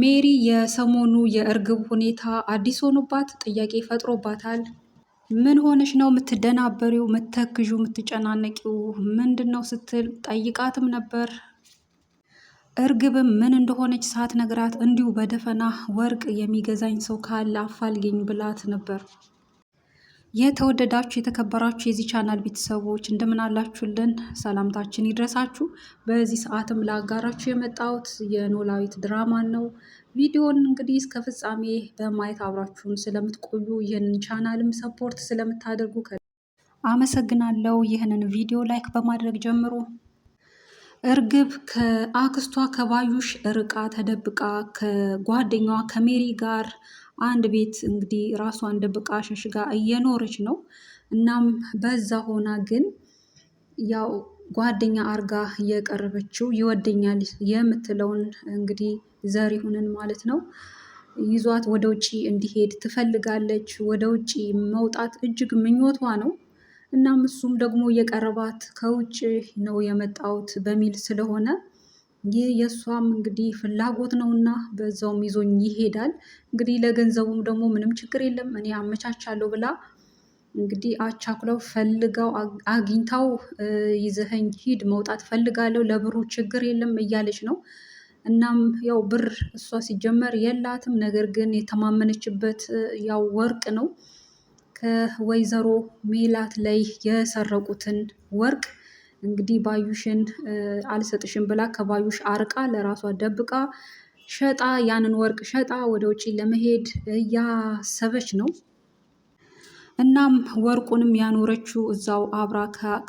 ሜሪ የሰሞኑ የእርግብ ሁኔታ አዲስ ሆኖባት ጥያቄ ፈጥሮባታል። ምን ሆነሽ ነው የምትደናበሪው፣ የምትተክዡ፣ የምትጨናነቂው ምንድን ነው ስትል ጠይቃትም ነበር። እርግብም ምን እንደሆነች ሳትነግራት እንዲሁ በደፈና ወርቅ የሚገዛኝ ሰው ካለ አፋልገኝ ብላት ነበር። የተወደዳችሁ የተከበራችሁ የዚህ ቻናል ቤተሰቦች እንደምን አላችሁልን? ሰላምታችን ይድረሳችሁ። በዚህ ሰዓትም ላጋራችሁ የመጣሁት የኖላዊት ድራማን ነው። ቪዲዮን እንግዲህ እስከ ፍጻሜ በማየት አብራችሁን ስለምትቆዩ ይህንን ቻናልም ሰፖርት ስለምታደርጉ አመሰግናለሁ። ይህንን ቪዲዮ ላይክ በማድረግ ጀምሩ። እርግብ ከአክስቷ ከባዩሽ ርቃ ተደብቃ ከጓደኛዋ ከሜሪ ጋር አንድ ቤት እንግዲህ ራሷን ደብቃ ሸሽጋ እየኖረች ነው። እናም በዛ ሆና ግን ያው ጓደኛ አርጋ እየቀረበችው ይወደኛል የምትለውን እንግዲህ ዘሪሁንን ማለት ነው ይዟት ወደ ውጭ እንዲሄድ ትፈልጋለች። ወደ ውጭ መውጣት እጅግ ምኞቷ ነው። እናም እሱም ደግሞ የቀረባት ከውጭ ነው የመጣሁት በሚል ስለሆነ ይህ የእሷም እንግዲህ ፍላጎት ነውና በዛውም ይዞኝ ይሄዳል። እንግዲህ ለገንዘቡም ደግሞ ምንም ችግር የለም እኔ አመቻቻለሁ ብላ እንግዲህ አቻኩለው ፈልጋው አግኝታው ይዘኸኝ ሂድ፣ መውጣት ፈልጋለሁ፣ ለብሩ ችግር የለም እያለች ነው። እናም ያው ብር እሷ ሲጀመር የላትም፣ ነገር ግን የተማመነችበት ያው ወርቅ ነው። ከወይዘሮ ሜላት ላይ የሰረቁትን ወርቅ እንግዲህ ባዩሽን አልሰጥሽም ብላ ከባዩሽ አርቃ ለራሷ ደብቃ ሸጣ ያንን ወርቅ ሸጣ ወደ ውጪ ለመሄድ እያሰበች ነው። እናም ወርቁንም ያኖረችው እዛው አብራ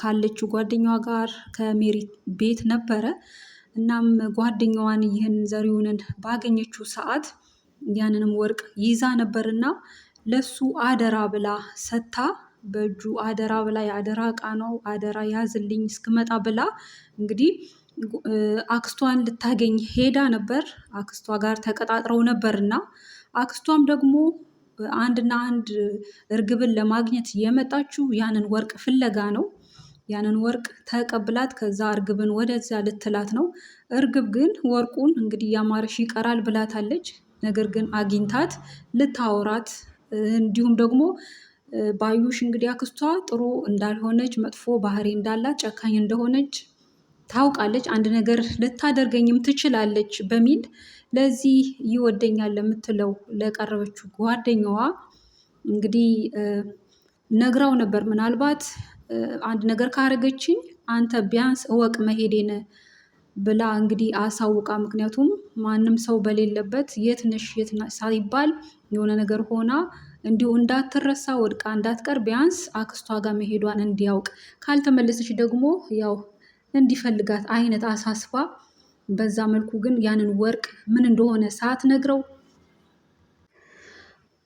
ካለችው ጓደኛዋ ጋር ከሜሪ ቤት ነበረ። እናም ጓደኛዋን ይህን ዘሪውንን ባገኘችው ሰዓት ያንንም ወርቅ ይዛ ነበርና ለሱ አደራ ብላ ሰታ በእጁ አደራ ብላ የአደራ እቃ ነው አደራ ያዝልኝ እስክመጣ ብላ እንግዲህ አክስቷን ልታገኝ ሄዳ ነበር። አክስቷ ጋር ተቀጣጥረው ነበር እና አክስቷም ደግሞ አንድና አንድ እርግብን ለማግኘት የመጣችው ያንን ወርቅ ፍለጋ ነው። ያንን ወርቅ ተቀብላት ከዛ እርግብን ወደዚያ ልትላት ነው። እርግብ ግን ወርቁን እንግዲህ ያማረሽ ይቀራል ብላታለች። ነገር ግን አግኝታት ልታወራት እንዲሁም ደግሞ ባዩሽ እንግዲህ አክስቷ ጥሩ እንዳልሆነች፣ መጥፎ ባህሪ እንዳላት፣ ጨካኝ እንደሆነች ታውቃለች። አንድ ነገር ልታደርገኝም ትችላለች በሚል ለዚህ ይወደኛል ለምትለው ለቀረበችው ጓደኛዋ እንግዲህ ነግራው ነበር። ምናልባት አንድ ነገር ካረገችኝ አንተ ቢያንስ እወቅ መሄዴን ብላ እንግዲህ አሳውቃ ምክንያቱም ማንም ሰው በሌለበት የት ነሽ የት ሳይባል የሆነ ነገር ሆና እንዲሁ እንዳትረሳ ወድቃ እንዳትቀር ቢያንስ አክስቷ ጋር መሄዷን እንዲያውቅ ካልተመለሰች ደግሞ ያው እንዲፈልጋት አይነት አሳስባ በዛ መልኩ ግን ያንን ወርቅ ምን እንደሆነ ሳትነግረው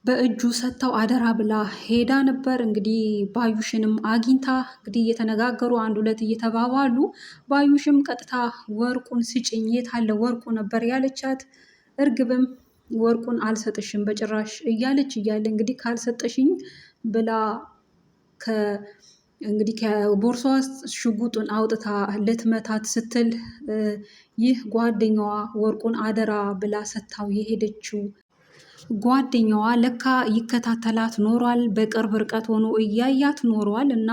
በእጁ ሰጥተው አደራ ብላ ሄዳ ነበር። እንግዲህ ባዩሽንም አግኝታ እንግዲህ እየተነጋገሩ አንድ ሁለት እየተባባሉ ባዩሽም ቀጥታ ወርቁን ስጭኝ፣ የት አለ ወርቁ ነበር ያለቻት። እርግብም ወርቁን አልሰጥሽም በጭራሽ እያለች እያለ እንግዲህ ካልሰጠሽኝ ብላ እንግዲህ ከቦርሷ ውስጥ ሽጉጡን አውጥታ ልትመታት ስትል ይህ ጓደኛዋ ወርቁን አደራ ብላ ሰጥታው የሄደችው ጓደኛዋ ለካ ይከታተላት ኖሯል። በቅርብ ርቀት ሆኖ እያያት ኖሯል። እና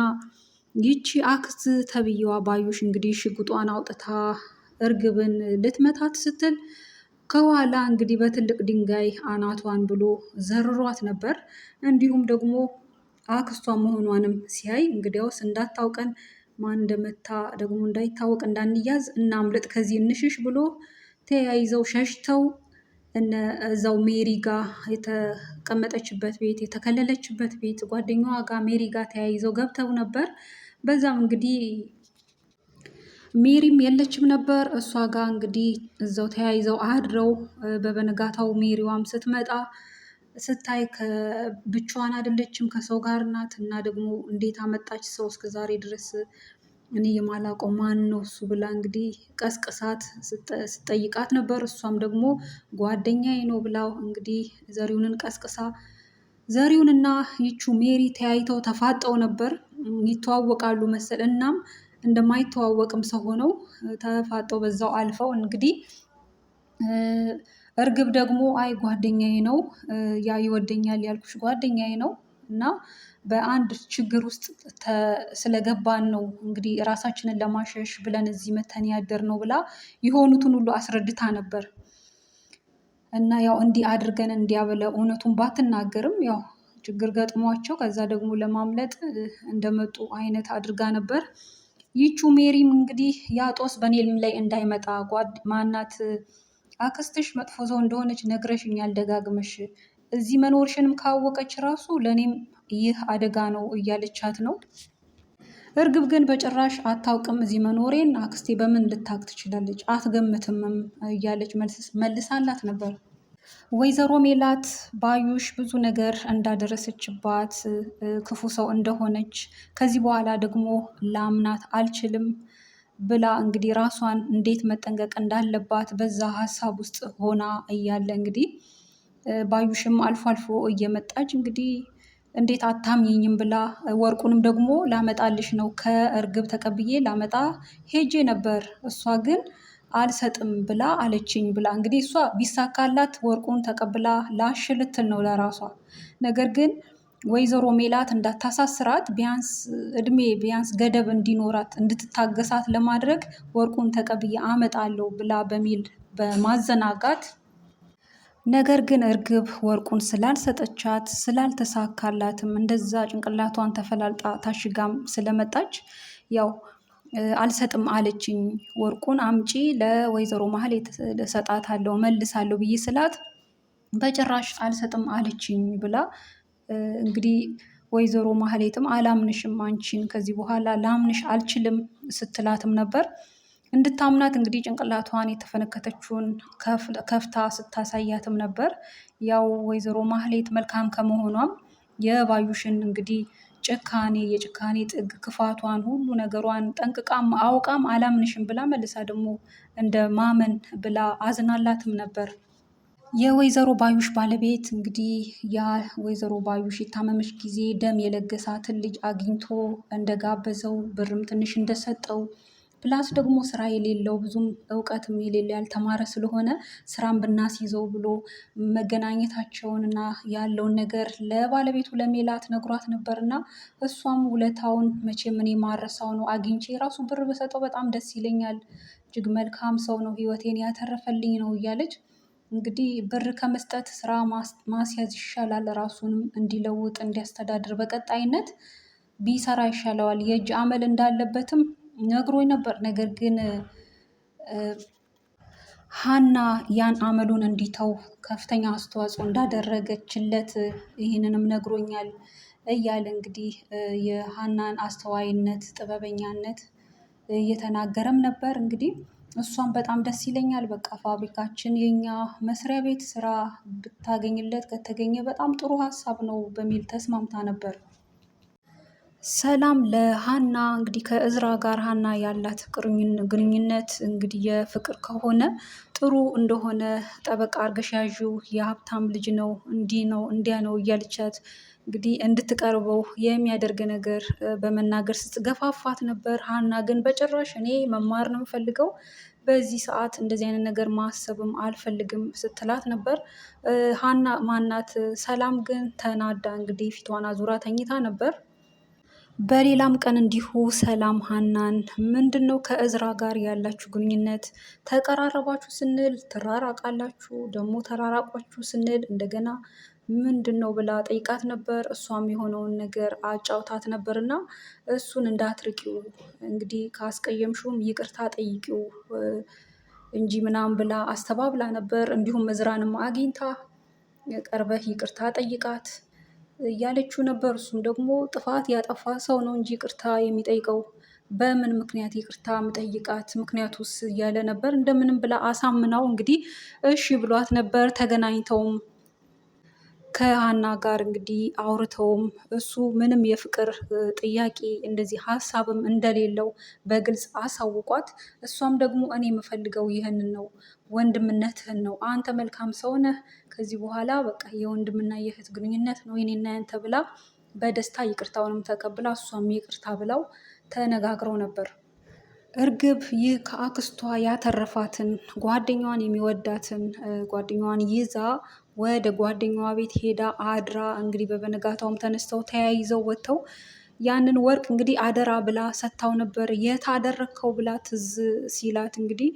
ይቺ አክስት ተብዬዋ ባዩሽ እንግዲህ ሽጉጧን አውጥታ እርግብን ልትመታት ስትል ከኋላ እንግዲህ በትልቅ ድንጋይ አናቷን ብሎ ዘርሯት ነበር። እንዲሁም ደግሞ አክስቷ መሆኗንም ሲያይ እንግዲያውስ እንዳታውቀን ማን እንደመታ ደግሞ እንዳይታወቅ እንዳንያዝ እናምልጥ ከዚህ እንሽሽ ብሎ ተያይዘው ሸሽተው እዛው ሜሪ ጋ የተቀመጠችበት ቤት የተከለለችበት ቤት ጓደኛዋ ጋ ሜሪ ጋ ተያይዘው ገብተው ነበር። በዛም እንግዲህ ሜሪም የለችም ነበር። እሷ ጋ እንግዲህ እዛው ተያይዘው አድረው በበነጋታው ሜሪዋም ስትመጣ ስታይ ብቻዋን አይደለችም ከሰው ጋር ናት። እና ደግሞ እንዴት አመጣች ሰው እስከ ዛሬ ድረስ እኔ የማላውቀው ማን ነው እሱ ብላ እንግዲህ ቀስቅሳት ስጠይቃት ነበር። እሷም ደግሞ ጓደኛዬ ነው ብላው እንግዲህ ዘሪውንን ቀስቅሳ ዘሪውንና ይቹ ሜሪ ተያይተው ተፋጠው ነበር። ይተዋወቃሉ መሰል እናም እንደማይተዋወቅም ሰው ሆነው ተፋጠው በዛው አልፈው እንግዲህ እርግብ ደግሞ አይ ጓደኛዬ ነው ያ ይወደኛል ያልኩሽ ጓደኛዬ ነው እና በአንድ ችግር ውስጥ ስለገባን ነው እንግዲህ ራሳችንን ለማሸሽ ብለን እዚህ መተን ያደር ነው ብላ የሆኑትን ሁሉ አስረድታ ነበር። እና ያው እንዲህ አድርገን እንዲያበለ እውነቱን ባትናገርም ያው ችግር ገጥሟቸው ከዛ ደግሞ ለማምለጥ እንደመጡ አይነት አድርጋ ነበር። ይቹ ሜሪም እንግዲህ ያጦስ በኔልም ላይ እንዳይመጣ ጓድ ማናት አክስትሽ መጥፎ ሰው እንደሆነች ነግረሽኛል ደጋግመሽ እዚህ መኖርሽንም ካወቀች ራሱ ለእኔም ይህ አደጋ ነው እያለቻት ነው። እርግብ ግን በጭራሽ አታውቅም፣ እዚህ መኖሬን አክስቴ በምን ልታውቅ ትችላለች? አትገምትምም እያለች መልሳላት ነበር። ወይዘሮ ሜላት ባዩሽ ብዙ ነገር እንዳደረሰችባት ክፉ ሰው እንደሆነች ከዚህ በኋላ ደግሞ ላምናት አልችልም ብላ እንግዲህ ራሷን እንዴት መጠንቀቅ እንዳለባት በዛ ሀሳብ ውስጥ ሆና እያለ እንግዲህ ባዩሽም አልፎ አልፎ እየመጣች እንግዲህ እንዴት አታምኝም ብላ ወርቁንም ደግሞ ላመጣልሽ ነው ከእርግብ ተቀብዬ ላመጣ ሄጄ ነበር፣ እሷ ግን አልሰጥም ብላ አለችኝ ብላ እንግዲህ እሷ ቢሳካላት ወርቁን ተቀብላ ላሽ ልትል ነው ለራሷ። ነገር ግን ወይዘሮ ሜላት እንዳታሳስራት ቢያንስ እድሜ ቢያንስ ገደብ እንዲኖራት እንድትታገሳት ለማድረግ ወርቁን ተቀብዬ አመጣለሁ ብላ በሚል በማዘናጋት ነገር ግን እርግብ ወርቁን ስላልሰጠቻት ስላልተሳካላትም እንደዛ ጭንቅላቷን ተፈላልጣ ታሽጋም ስለመጣች ያው አልሰጥም አለችኝ። ወርቁን አምጪ ለወይዘሮ ማህሌት እሰጣታለሁ መልሳለሁ ብዬ ስላት በጭራሽ አልሰጥም አለችኝ ብላ እንግዲህ ወይዘሮ ማህሌትም አላምንሽም፣ አንቺን ከዚህ በኋላ ላምንሽ አልችልም ስትላትም ነበር። እንድታምናት እንግዲህ ጭንቅላቷን የተፈነከተችውን ከፍታ ስታሳያትም ነበር። ያው ወይዘሮ ማህሌት መልካም ከመሆኗም የባዩሽን እንግዲህ ጭካኔ የጭካኔ ጥግ ክፋቷን ሁሉ ነገሯን ጠንቅቃም አውቃም አላምንሽም ብላ መልሳ ደግሞ እንደ ማመን ብላ አዝናላትም ነበር። የወይዘሮ ባዩሽ ባለቤት እንግዲህ ያ ወይዘሮ ባዩሽ የታመመች ጊዜ ደም የለገሳትን ልጅ አግኝቶ እንደጋበዘው ብርም ትንሽ እንደሰጠው ፕላስ ደግሞ ስራ የሌለው ብዙም እውቀትም የሌለው ያልተማረ ስለሆነ ስራን ብናስይዘው ብሎ መገናኘታቸውን ያለውን ነገር ለባለቤቱ ለሜላት ነግሯት ነበር እሷም ውለታውን መቼ ምን ማረሳው ነው አግኝቼ የራሱ ብር በሰጠው በጣም ደስ ይለኛል፣ እጅግ መልካም ሰው ነው፣ ህይወቴን ያተረፈልኝ ነው እያለች እንግዲህ ብር ከመስጠት ስራ ማስያዝ ይሻላል፣ ራሱንም እንዲለውጥ እንዲያስተዳድር በቀጣይነት ቢሰራ ይሻለዋል። የእጅ አመል እንዳለበትም ነግሮኝ ነበር። ነገር ግን ሀና ያን አመሉን እንዲተው ከፍተኛ አስተዋጽኦ እንዳደረገችለት ይህንንም ነግሮኛል እያለ እንግዲህ የሀናን አስተዋይነት፣ ጥበበኛነት እየተናገረም ነበር። እንግዲህ እሷም በጣም ደስ ይለኛል፣ በቃ ፋብሪካችን የኛ መስሪያ ቤት ስራ ብታገኝለት ከተገኘ በጣም ጥሩ ሀሳብ ነው በሚል ተስማምታ ነበር። ሰላም ለሀና እንግዲህ ከእዝራ ጋር ሀና ያላት ግንኙነት እንግዲህ የፍቅር ከሆነ ጥሩ እንደሆነ ጠበቃ አርገሽ የሀብታም ልጅ ነው፣ እንዲህ ነው፣ እንዲያ ነው እያልቻት እንግዲህ እንድትቀርበው የሚያደርግ ነገር በመናገር ስትገፋፋት ነበር። ሀና ግን በጭራሽ እኔ መማር ነው የምፈልገው በዚህ ሰዓት እንደዚህ አይነት ነገር ማሰብም አልፈልግም ስትላት ነበር። ሀና ማናት ሰላም ግን ተናዳ እንግዲህ ፊቷን አዙራ ተኝታ ነበር። በሌላም ቀን እንዲሁ ሰላም ሀናን ምንድን ነው ከእዝራ ጋር ያላችሁ ግንኙነት? ተቀራረባችሁ ስንል ትራራቃላችሁ፣ ደግሞ ተራራቋችሁ ስንል እንደገና ምንድን ነው ብላ ጠይቃት ነበር። እሷም የሆነውን ነገር አጫውታት ነበር እና እሱን እንዳትርቂው እንግዲህ ካስቀየምሽውም ይቅርታ ጠይቂው እንጂ ምናምን ብላ አስተባብላ ነበር። እንዲሁም እዝራንም አግኝታ ቀርበህ ይቅርታ ጠይቃት እያለችው ነበር። እሱም ደግሞ ጥፋት ያጠፋ ሰው ነው እንጂ ይቅርታ የሚጠይቀው በምን ምክንያት ይቅርታ ምጠይቃት ምክንያቱስ እያለ ነበር። እንደምንም ብላ አሳምናው እንግዲህ እሺ ብሏት ነበር። ተገናኝተውም ከሀና ጋር እንግዲህ አውርተውም እሱ ምንም የፍቅር ጥያቄ እንደዚህ ሀሳብም እንደሌለው በግልጽ አሳውቋት፣ እሷም ደግሞ እኔ የምፈልገው ይህንን ነው፣ ወንድምነትህን ነው፣ አንተ መልካም ሰው ነህ፣ ከዚህ በኋላ በቃ የወንድምና የእህት ግንኙነት ነው የኔና ያንተ ብላ በደስታ ይቅርታውንም ተቀብላ እሷም ይቅርታ ብላው ተነጋግረው ነበር። እርግብ ይህ ከአክስቷ ያተረፋትን ጓደኛዋን የሚወዳትን ጓደኛዋን ይዛ ወደ ጓደኛዋ ቤት ሄዳ አድራ እንግዲህ በበነጋታውም ተነስተው ተያይዘው ወጥተው ያንን ወርቅ እንግዲህ አደራ ብላ ሰጥታው ነበር። የት አደረግከው ብላ ትዝ ሲላት እንግዲህ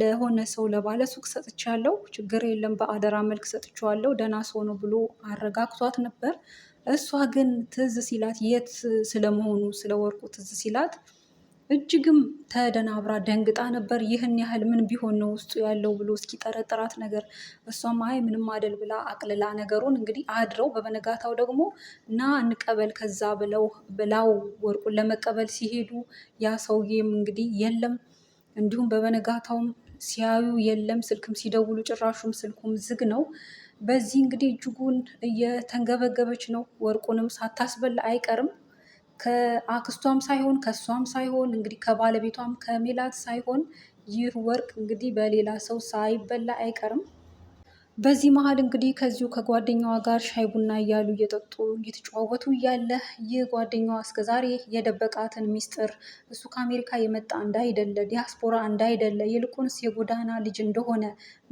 ለሆነ ሰው ለባለ ሱቅ ሰጥቻለሁ፣ ችግር የለም በአደራ መልክ ሰጥቼዋለሁ፣ ደህና ሰው ነው ብሎ አረጋግቷት ነበር። እሷ ግን ትዝ ሲላት የት ስለመሆኑ ስለ ወርቁ ትዝ ሲላት እጅግም ተደናብራ ደንግጣ ነበር። ይህን ያህል ምን ቢሆን ነው ውስጡ ያለው ብሎ እስኪጠረጥራት ነገር እሷም አይ ምንም አደል ብላ አቅልላ ነገሩን እንግዲህ አድረው በበነጋታው ደግሞ ና እንቀበል ከዛ ብለው ብላው ወርቁን ለመቀበል ሲሄዱ ያ ሰውዬም እንግዲህ የለም። እንዲሁም በበነጋታውም ሲያዩ የለም። ስልክም ሲደውሉ ጭራሹም ስልኩም ዝግ ነው። በዚህ እንግዲህ እጅጉን እየተንገበገበች ነው። ወርቁንም ሳታስበላ አይቀርም። ከአክስቷም ሳይሆን ከእሷም ሳይሆን እንግዲህ ከባለቤቷም ከሜላት ሳይሆን ይህ ወርቅ እንግዲህ በሌላ ሰው ሳይበላ አይቀርም። በዚህ መሀል እንግዲህ ከዚሁ ከጓደኛዋ ጋር ሻይ ቡና እያሉ እየጠጡ እየተጨዋወቱ እያለ ይህ ጓደኛዋ እስከዛሬ የደበቃትን ሚስጥር እሱ ከአሜሪካ የመጣ እንዳይደለ ዲያስፖራ እንዳይደለ ይልቁንስ የጎዳና ልጅ እንደሆነ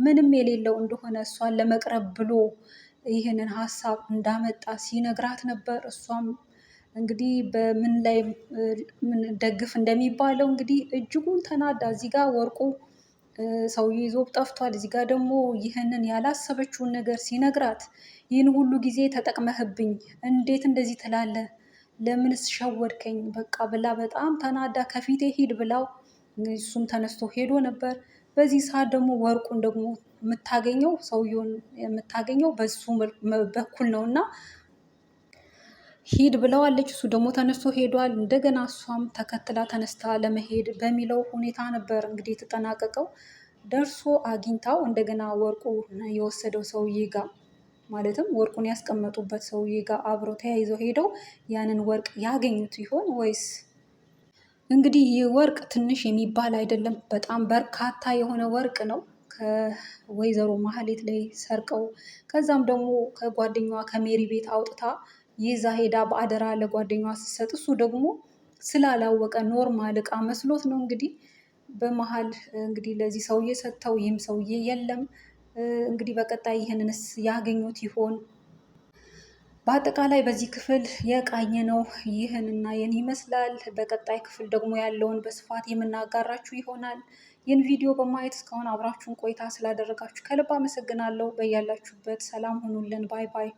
ምንም የሌለው እንደሆነ እሷን ለመቅረብ ብሎ ይህንን ሀሳብ እንዳመጣ ሲነግራት ነበር። እሷም እንግዲህ በምን ላይ ደግፍ እንደሚባለው እንግዲህ እጅጉን ተናዳ እዚህ ጋር ወርቁ ሰውዬ ይዞ ጠፍቷል። እዚህ ጋር ደግሞ ይህንን ያላሰበችውን ነገር ሲነግራት ይህን ሁሉ ጊዜ ተጠቅመህብኝ እንዴት እንደዚህ ትላለህ? ለምንስ ሸወድከኝ? በቃ ብላ በጣም ተናዳ ከፊቴ ሂድ ብላው እሱም ተነስቶ ሄዶ ነበር። በዚህ ሰዓት ደግሞ ወርቁን ደግሞ የምታገኘው ሰውየውን የምታገኘው በሱ በኩል ነው እና ሂድ ብለዋለች። እሱ ደግሞ ተነስቶ ሄዷል። እንደገና እሷም ተከትላ ተነስታ ለመሄድ በሚለው ሁኔታ ነበር እንግዲህ የተጠናቀቀው። ደርሶ አግኝታው እንደገና ወርቁ የወሰደው ሰውዬ ጋ ማለትም ወርቁን ያስቀመጡበት ሰውዬ ጋር አብረው ተያይዘው ሄደው ያንን ወርቅ ያገኙት ይሆን ወይስ እንግዲህ ይህ ወርቅ ትንሽ የሚባል አይደለም። በጣም በርካታ የሆነ ወርቅ ነው። ከወይዘሮ ማህሌት ላይ ሰርቀው ከዛም ደግሞ ከጓደኛዋ ከሜሪ ቤት አውጥታ ይዛ ሄዳ በአደራ ለጓደኛዋ ስትሰጥ እሱ ደግሞ ስላላወቀ ኖርማል እቃ መስሎት ነው እንግዲህ በመሀል እንግዲህ ለዚህ ሰውዬ ሰጥተው ይህም ሰውዬ የለም እንግዲህ በቀጣይ ይህንንስ ያገኙት ይሆን? በአጠቃላይ በዚህ ክፍል ነው ይህንና ይህን ይመስላል። በቀጣይ ክፍል ደግሞ ያለውን በስፋት የምናጋራችሁ ይሆናል። ይህን ቪዲዮ በማየት እስካሁን አብራችሁን ቆይታ ስላደረጋችሁ ከልብ አመሰግናለሁ። በያላችሁበት ሰላም ሁኑልን። ባይ ባይ።